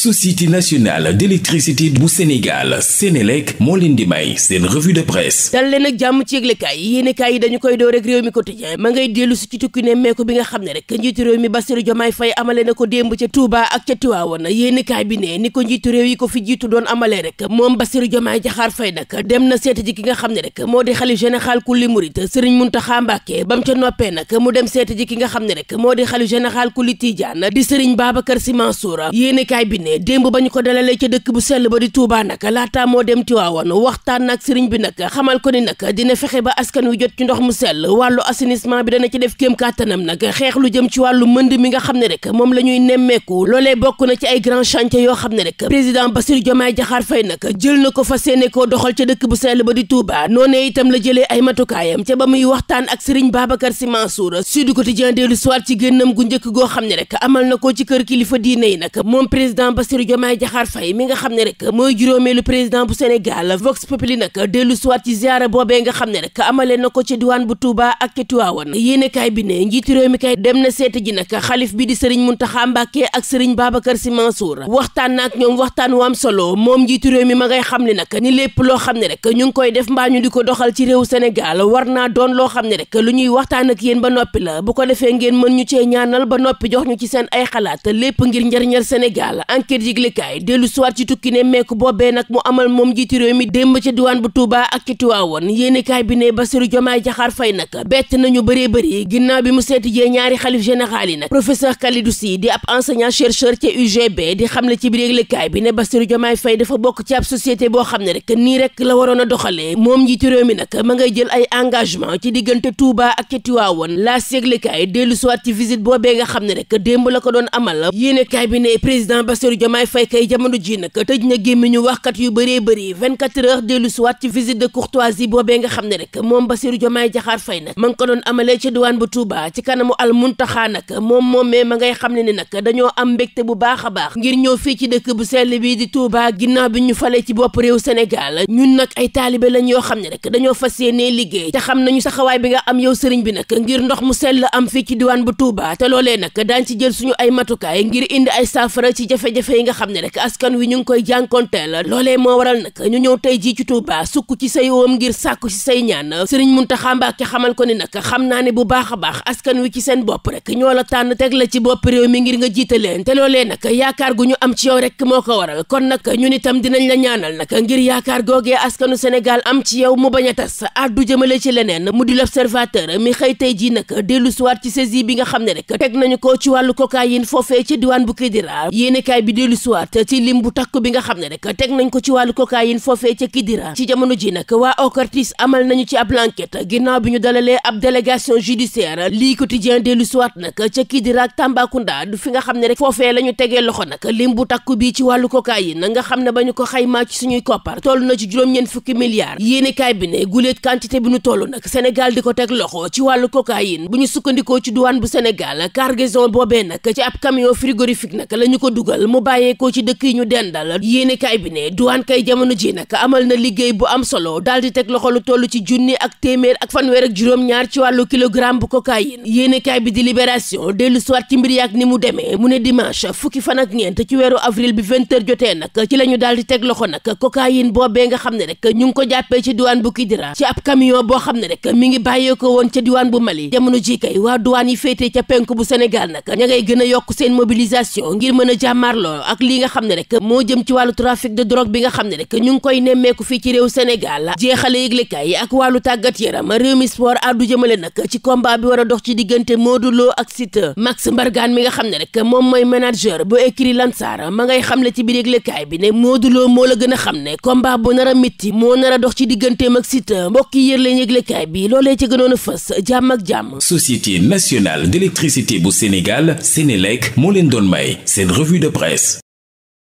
société nationale d'électricité bu Sénégal Sénélec moo leen di may seen revue de presse dal leen jàmm ci yëglekaay yi yéenekaay yi dañu koy door rek réew mi quotidien ma ngay dellu si ci tukki ne bi nga xam ne rek njiitu réew mi Bassirou Diomaye Faye amale na ko démb ca Touba ak ca Tivaouane yéenekaay bi ne ni ko njiitu réew yi ko fi jiitu doon amalee rek moom Bassirou Diomaye Diakhar Faye nag dem na seeti ji ki nga xam ne rek moo di xalif général kulli murit Serigne Mountakha Mbacké ba mu ca noppee nag mu dem seeti ji ki nga xam ne rek moo di xalif général kulli Tidiane di Serigne Babacar Sy ne démb ba ñu ko dalalee ca dëkk bu sell ba di Touba nag laata moo dem Tiwaawan waxtaan nag sëriñ bi nag xamal ko ni nag dina fexe ba askan wi jot ci ndox mu sell wàllu assainissement bi dana ci def kéem kàttanam nag xeex lu jëm ci wàllu mënd mi nga xam ne rek moom la ñuy nemmeeku loolee bokk na ci ay grand chantier yoo xam ne rek président ba Bassirou Diomaye Diakhar fay nag jël na ko fa yéene koo doxal ca dëkk bu sell ba di Touba noonee itam la jëlee ay matukaayam ca ba muy waxtaan ak sëriñ Babacar Sy Mansour Sud Quotidien dellu soir ci génnam gu njëkk goo xam ne rek amal na ko ci kër kilifa diine yi nag Bassirou Diomaye Diakhar Faye mi nga xam ne rek mooy juróomeelu président bu Sénégal Vox Populi nag dellu siwaat ci ziara boobee nga xam ne rek amalee na ko ci diwaan bu Touba ak ci Tiwaawan yéenekaay bi ne njiitu réew mi kay dem na seet ji nag xalif bi di Serigne Mountakha Mbacké ak Serigne Babacar Sy Mansour waxtaan na ak ñoom waxtaan waam solo moom njiitu réew mi ma ngay xam ne nag ni lépp loo xam ne rek ñu ngi koy def mbaa ñu di ko doxal ci réew Sénégal war naa doon loo xam ne rek lu ñuy waxtaan ak yéen ba noppi la bu ko defee ngeen mën ñu cee ñaanal ba noppi jox ñu ci seen ay xalaat lépp ngir njariñal Sénégal enquête yëglekaay dellu siwaat bi ne Bassirou Diomaye Diakhar Faye nag bett nañu bëree bëri ginnaaw bi mu seeti jee ñaari xalif général yi nag professeur Khalidou Sy di ab enseignant chercheur ca UGB di xamle ci biir yëglekaay bi ne Bassirou Diomaye Faye dafa bokk ci ab société boo xam ne rek nii rek la waroon a doxalee moom njiitu réew mi nag ma ngay jël ay engagement ci diggante Touba ak ci Tiwaawoon laa yëglekaay dellu siwaat ci visite boobee nga xam ne rek démb la ko doon amal yéenekaay bi ne président Bassirou Diomaye Faye kay jamono ji nag tëj na gémmiñu waxkat yu bëree bëri 24 heures dellu si waat ci visite de courtoisie boobee nga xam ne rek moom Bassirou Diomaye Diakhar fay nag ma ngi ko doon amalee ci diwaan bu Touba ci kanamu al muntaxaa nag moom moomee ma ngay xam ne ni nag dañoo am mbégte bu baax a baax ngir ñëw fii ci dëkk bu sell bii di Touba ginnaaw bi ñu falee ci bopp réew Sénégal ñun nag ay taalibe lañ yoo xam ne rek dañoo fas yéenee liggéey te xam nañu saxawaay bi nga am yow sëriñ bi nag ngir ndox mu sell am fii ci diwaan bu Touba te loolee nag daañ ci jël suñu ay matukaay ngir indi ay saafara ci jafe jafe-jafe yi nga xam ne rek askan wi ñu ngi koy jànkonteel loolee moo waral nag ñu ñëw tey jii ci Touba sukk ci say woom ngir sàkku ci say ñaan Serigne Mountakha Mbacké xamal ko ni nag xam naa ne bu baax a baax askan wi ci seen bopp rek ñoo la tànn teg la ci bopp réew mi ngir nga jiite te loolee nag yaakaar gu ñu am ci yow rek moo ko waral kon nag ñun itam dinañ la ñaanal nag ngir yaakaar googee askanu Sénégal am ci yow mu bañ a tas addu jëmale ci leneen mu di l'observateur mi xëy tey jii nag dellu suwaat ci saisie bi nga xam ne rek teg nañu ko ci wàllu cocaïne foofee ci diwaan bu Kidira yéenekaay bi dellu siwaat ci lim bu takk bi nga xam ne rek teg nañ ko ci wàllu cocaïne foofee ca Kidira ci jamono ji nag waa OCRTIS amal nañu ci ab enquête ginnaaw bi ñu dalalee ab délégation judiciaire lii quotidien dellu siwaat nag ca Kidira ak Tambacounda du fi nga xam ne rek foofee la ñu tegee loxo nag lim bu takk bi ci wàllu cocaïne nga xam ne ba ñu ko xaymaa ci suñuy koppar toll na ci juróom-ñeent fukki milliards yéenekaay bi ne guléet quantité bi ñu toll nag Sénégal di ko teg loxo ci wàllu cocaïne bu ñu sukkandikoo ci douane bu Sénégal cargaison ci ab camion frigorifique nag la ñu bàyyeekoo ci dëkk yi ñu dendal yéene kaay bi ne duwaan kay jamono ji nag amal na liggéey bu am solo daal di teg loxo lu toll ci junni ak téeméer ak fanweer ak ci wàllu kilogramme bu cocaïne yéene kaay bi di libération dellu soit ci ni mu demee mu ne dimanche fukki fan ak ñeent ci weeru avril bi vingt jotee nag ci la ñu daal di teg loxo nag cocaïne boobee nga xam ne rek ñu ngi ko jàppee ci diwaan bu Kidira ci camion boo ne rek mi ngi bàyyeekoo woon ca diwaan bu Mali jamono ji kay waa duwaan yi féetee ca penk bu Sénégal nag ña gën a yokk seen mobilisation ngir mën a jàmmaarloo loolu ak lii nga xam ne rek moo jëm ci wàllu trafic de drogue bi nga xam ne rek ñu ngi koy nemmeeku fii ci réew Sénégal jeexale yëglekaay yi ak wàllu tàggat yaram réew mi sport addu jëmale nag ci combat bi war a dox ci diggante Modou Lo ak Siteu Max Mbargane mi nga xam ne rek moom mooy manager bu écrit Lansar ma ngay xam xamle ci biir yëglekaay bi ne Modou Lo moo la gën a xam ne combat bu nar a mitti moo nar a dox ci digganteem ak Siteu mbokk yi yër leen yëglekaay bi loolee ci gënoon a fës jàmm ak jàmm Société nationale d'électricité bu Sénégal Sénélec moo leen doon may seen revue de presse